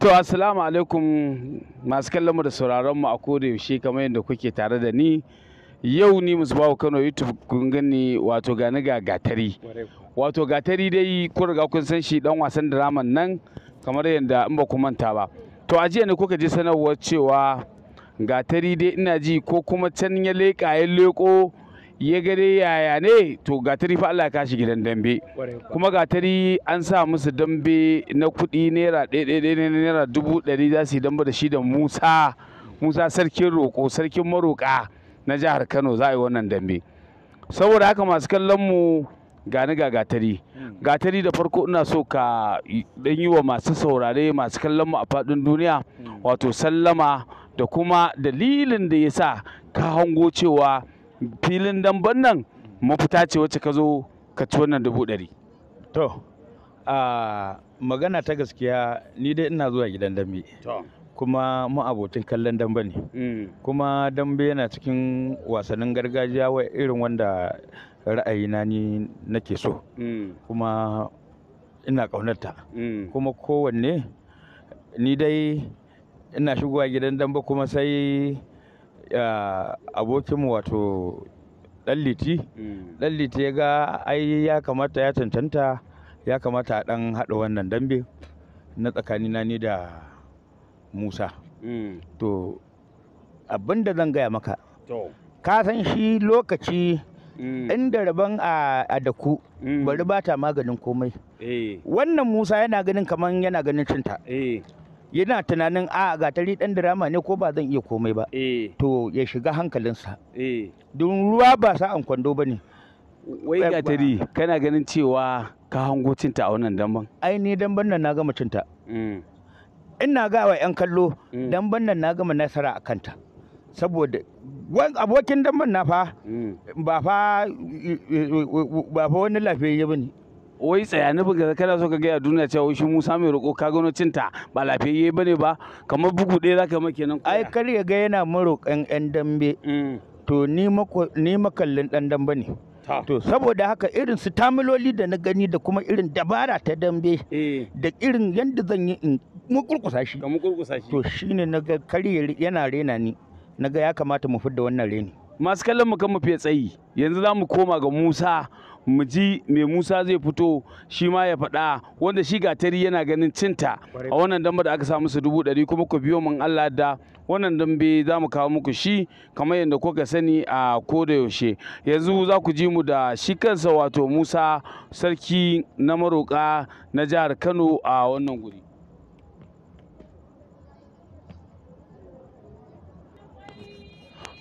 To assalamu alaikum masu kallon mu da sauraron mu a koda yaushe kamar yadda kuke tare da ni yau ni bawa Kano YouTube kun gani wato gani ga gatari wato gatari dai kun riga kun san shi dan wasan draman nan kamar yadda in ba ku manta ba to a jiya ne kuka ji sanarwar cewa gatari dai ina ji ko kuma can ya leƙa ya leƙo ya gare yaya ne to gatari fa Allah ya kashi gidan dambe kuma gatari an sa musu dambe na kuɗi naira ɗaya naira dubu ɗari za su damba da shi da Musa Musa sarkin roƙo sarkin maroƙa na jihar Kano za a yi wannan dambe saboda haka masu kallon mu gani ga gatari gatari hmm. da farko ina so ka dan yi wa masu saurare masu kallon mu a faɗin duniya hmm. wato sallama da kuma dalilin da ya sa ka hango cewa filin damban nan mafita ce wacce ka zo ka ci wannan dubu ɗari to magana ta gaskiya ni dai ina zuwa gidan dambe kuma abotin kallon dambe ne mm. kuma dambe yana cikin wasannin gargajiya wa irin wanda ra'ayina ni nake so mm. kuma ina ƙaunarta mm. kuma kowanne ni dai ina shigowa gidan dambe kuma sai abokinmu wato ɗanliti mm. ɗanliti ya ga ai ya kamata ya cancanta ya kamata a ɗan haɗa wannan dambe na tsakanina ni da musa mm. to abin da zan gaya maka ka san shi lokaci mm. inda rabon a daku bari ba ta maganin komai eh. wannan musa yana ganin kamar yana ganin cinta eh. yana tunanin a gatari dan dirama ne ko ba zan iya komai ba eh. to ya shiga hankalinsa eh. don ruwa ba sa an kwando ba ne wai gatari kana ganin cewa ka hango cinta a wannan damban ai ni damban nan na gama cinta mm. na ga wa yan kallo mm. damban nan na gama nasara a kanta saboda abokin damban na fa mm. ba fa eh, ba fa wani lafiyayye bane wai tsayani ba kana so ka gaya duniya cewa shi Musa mai roƙo ka gano cinta ba lafiyayye bane ba kamar bugu ɗaya zaka maka kenan ai kar ya ga yana maroƙan ɗan dambe mm. to ni makallin ɗan dambe ne to saboda haka irin su tamiloli da na gani da kuma irin dabara ta dambe eh. da irin yadda zan yi in mukurkusa shi to shine na ga ya yana rena ni na ga ya kamata mu fidda wannan reni masu kallon mu kan mu fiye tsayi yanzu za mu koma ga musa mu ji me Musa zai fito shi ma ya faɗa wanda shi ga tari yana ganin cinta a wannan damba da aka sa musu dubu ɗari kuma ku biyo min Allah da wannan dambe za mu kawo muku shi kamar yadda kuka sani a koda yaushe yanzu za ku ji mu da shi kansa wato Musa sarki na maroka na jihar Kano a wannan guri.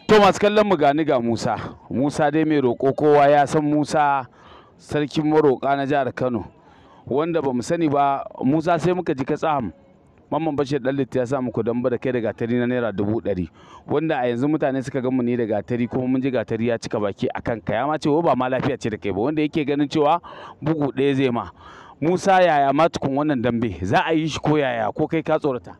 to masu kallon mu gani ga Musa Musa dai mai roƙo kowa ya san Musa sarkin maroƙa na jihar Kano wanda ba mu sani ba Musa sai muka ji ka katsam Mamman Bashir dan ya sa muku damba da kai da gatari na naira dubu ɗari wanda a yanzu mutane suka gan mu ne da gatari kuma mun ji gatari ya cika baki a kaya. ya ma ce ba ma lafiya ce da kai ba wanda yake ganin cewa bugu ɗaya zai ma Musa yaya ma tukun wannan dambe za a yi shi ko yaya ko kai ka tsorata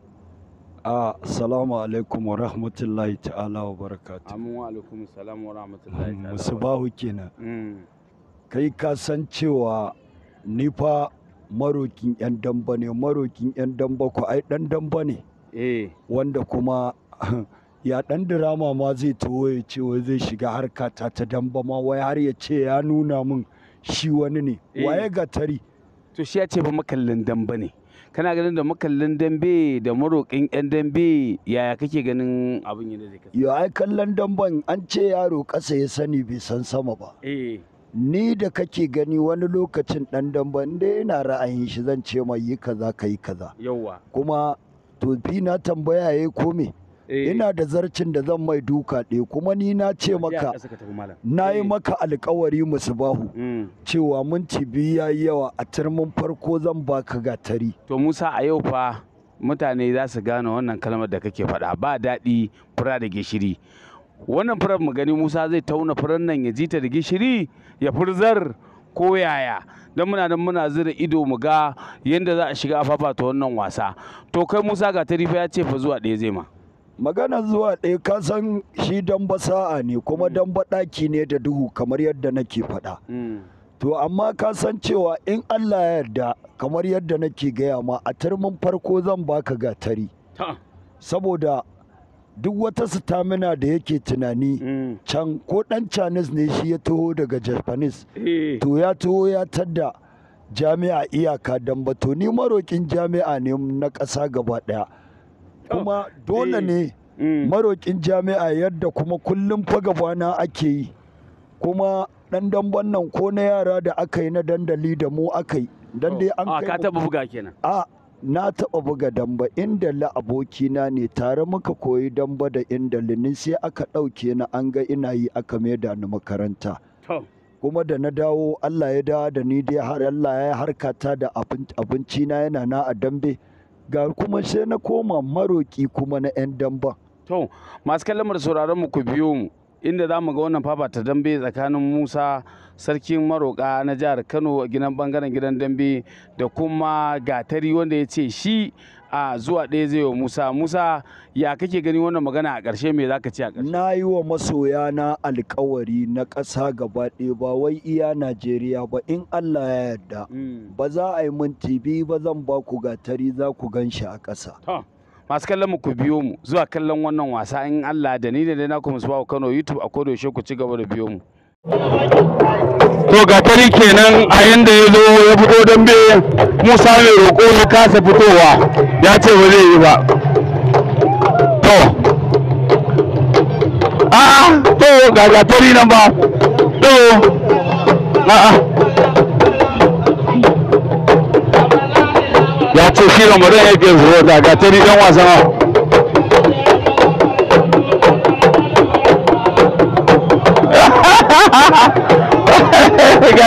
Assalamu alaikum wa rahmatullahi ta'ala wa barakatu. Amin wa alaikum salam wa rahmatullahi ta'ala. Musu bahu kenan. Hmm. Kai ka san cewa ni fa marokin yan damba ne marokin yan damba ko ai dan damba ne. Eh. Wanda kuma ya dan dirama ma zai taho ya ce wai zai shiga harka ta ta damba ma wai har ya ce ya nuna min shi wani ne. Eh. Waye gatari. To shi ya ce ba makallin damba ne. kana ganin da makallin dambe da maroƙin yan dambe yaya kake ganin abin yadda zai kasance ya ai kallon damben an ce yaro ƙasa ya sani bai san sama ba eh. ni da kake gani wani lokacin dan damben da yana ra'ayin shi zan ce mai yi kaza ka yi kaza kuma to na tambaya ya ko kome Eh. ina da zarcin da zan mai duka ɗe kuma ni na ce maka na yi eh. maka alkawari musu bahu mm. cewa mun biyu ya yawa a turmin farko zan baka gatari to musa a yau fa mutane za su gane wannan kalmar da kake faɗa ba daɗi fura da gishiri wannan furar mu gani musa zai tauna furar nan ya jita da gishiri ya furzar ko yaya don muna nan muna zira ido mu ga yadda za a shiga afafa ta wannan wasa to kai musa ga tarifa ya ce fa zuwa ɗaya zai ma magana zuwa ɗaya ka san shi ba sa'a ne kuma mm. ba ɗaki ne da duhu kamar yadda nake faɗa mm. to amma ka san cewa in allah ya yarda kamar yadda nake gaya ma a turmin farko zan baka gatari saboda duk wata stamina da yake tunani mm. can ko dan chinese ne shi ya taho daga japanese eh. to ya taho ya tadda jami'a iyaka ba to ni marokin jami'a ne na ƙasa gaba ɗaya kuma dole eh. ne mm. marokin jami'a yadda kuma kullum fagabana ake yi kuma dan damban nan ko na yara da aka yi na dandali da mu aka yi dan dai an oh. ah, ka taba buga kenan a na taba buga damba inda la abokina ne tare muka koyi damba da inda linin sai aka ɗauke na an ga ina yi aka maida ni makaranta kuma da na dawo Allah ya dawo da ni dai har Allah ya harkata da abinci na yana na a dambe ga kuma sai na koma maroki kuma na 'yan damban. To, masu kalmar sauraron mu ku biyo mu inda za mu ga wannan ta dambe tsakanin Musa sarkin maroka na jihar Kano a gidan bangaren gidan dambe da kuma gatari wanda ya ce shi a zuwa ɗaya zai wa musa musa ya kake gani wannan magana a ƙarshe me ka ci a ƙarshe na yi wa masoya na alkawari na ƙasa gaba ɗaya ba wai iya najeriya ba in allah ya yarda hmm. ba za a yi min tv ba zan ba ku gatari za ku gan shi a ƙasa masu kallon mu ku biyo mu zuwa kallon wannan wasa in Allah da ni da na ba ku Kano YouTube a kodo ku ci gaba da biyo mu to gatari kenan a yanda ya zo ya fito dambe musa mai roƙo ya kasa fitowa ya ce ba zai yi ba to a to ga gatari nan ba to a ya ce shi ramadan ya ke zuwa ga gatari dan wasan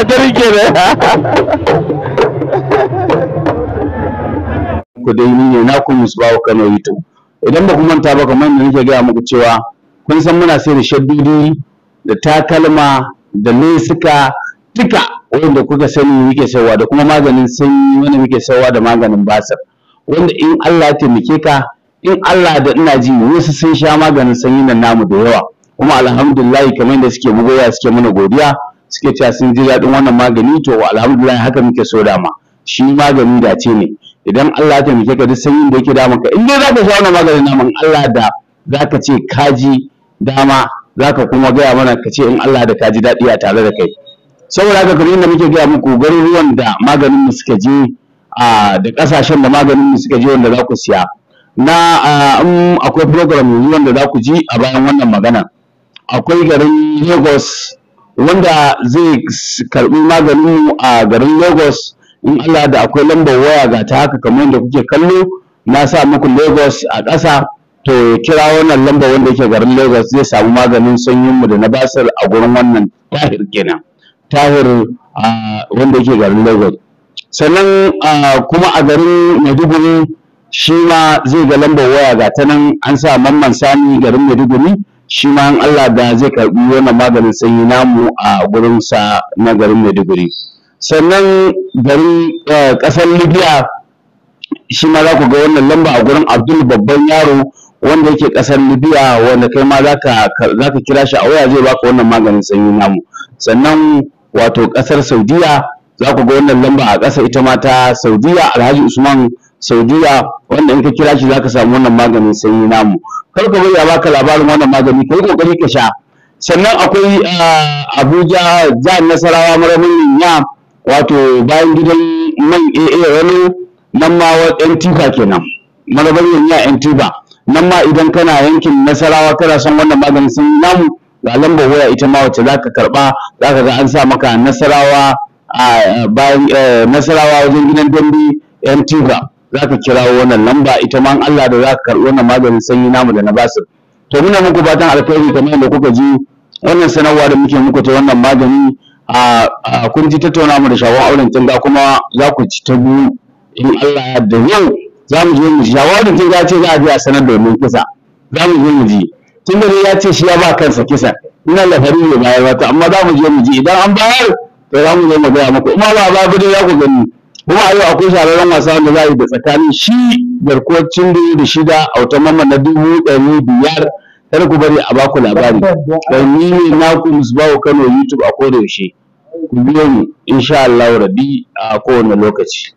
asali ku dai ni ne na ku kano youtube idan ba ku manta ba kamar da nake gaya muku cewa kun san muna sai da shaddudi da takalma da lesuka duka wanda kuka sani muke sayarwa da kuma maganin sanyi wanda muke sayarwa da maganin basar. wanda in Allah ya taimake ka in Allah da ina ji wasu sun sha maganin sanyi nan namu da yawa kuma alhamdulillah kamar yadda suke mugoya suke mana godiya suke cewa sun ji daɗin wannan magani to alhamdulillah haka muke so dama shi magani da ce ne idan Allah ya taimake ka duk sanyin da yake damun ka in dai zaka sha wannan maganin naman Allah da zaka ce kaji dama zaka kuma gaya mana ka ce in Allah da kaji daɗi a tare da kai saboda haka kamar yadda muke gaya muku garuruwan da maganin mu suka je da ƙasashen da maganin mu suka je wanda za ku siya na akwai program yanzu wanda za ku ji a bayan wannan magana akwai garin Lagos wanda zai karbi maganin mu a garin Lagos in Allah da akwai lambar waya ga ta haka kamar yadda kuke kallo na sa muku Lagos a ƙasa to kira wannan lambar wanda yake garin Lagos zai samu maganin sanyin mu da na basir a gurin wannan tahir kenan tahir wanda yake garin Lagos sannan kuma a garin Maiduguri shi ma zai ga lambar waya ga ta nan an sa mamman sani garin Maiduguri shi ma in Allah da zai karɓi wannan maganin sanyi namu a sa na garin Maiduguri. Sannan garin eh, ƙasar Libya shi ma za ku ga wannan lamba a gurin Abdul babban yaro wanda yake ƙasar Libya wanda kai ma za ka kira shi a waya zai baka wannan maganin sanyi namu. Sannan wato ƙasar Saudiya za ku ga wannan lamba a ƙasa ita ma ta Saudiya Alhaji Usman Saudiya wanda in ka kira shi za ka samu wannan maganin sanyi namu. kar ka bari a baka labarin wannan magani ka yi kokari ka sha sannan akwai ah, abuja jihar nasarawa marabin ya wato bayan gidan man aa eh, eh, wani nan ma yan tifa kenan marabin ya yan tifa nan ma idan kana yankin nasarawa kana son wannan maganin sun namu ga lambar waya ita ma wacce za ka karɓa za ga an sa maka nasarawa ah, bayan eh, nasarawa wajen gidan dambe yan tifa Za ka kirawo wannan lamba ita ma Allah da za ka karɓi wannan maganin sanyi namu da na basir to muna muku fatan alkhairi kamar yadda kuka ji wannan sanarwa da muke muku ta wannan magani a kun ji tattauna mu da shawon auren tunga kuma za ku ci ta biyu in Allah da yau za mu je mu ji shawarar tunga ce za a je a sanar da wannan kisa za mu je mu ji tun da ya ce shi ya ba kansa kisa ina lafari ne bayan wata amma za mu je mu ji idan an bayar to za mu je mu gaya muku amma ba ba ba ya ku gani kuma a yau akwai shahararren wasa da za a yi da tsakanin shi garkuwar cindi da shida a wata mamman na dubu ɗari biyar kar ku bari a baku labari dan ni ne musu musbahu kano youtube a koda yaushe ku biyo mu insha Allah rabi a kowane lokaci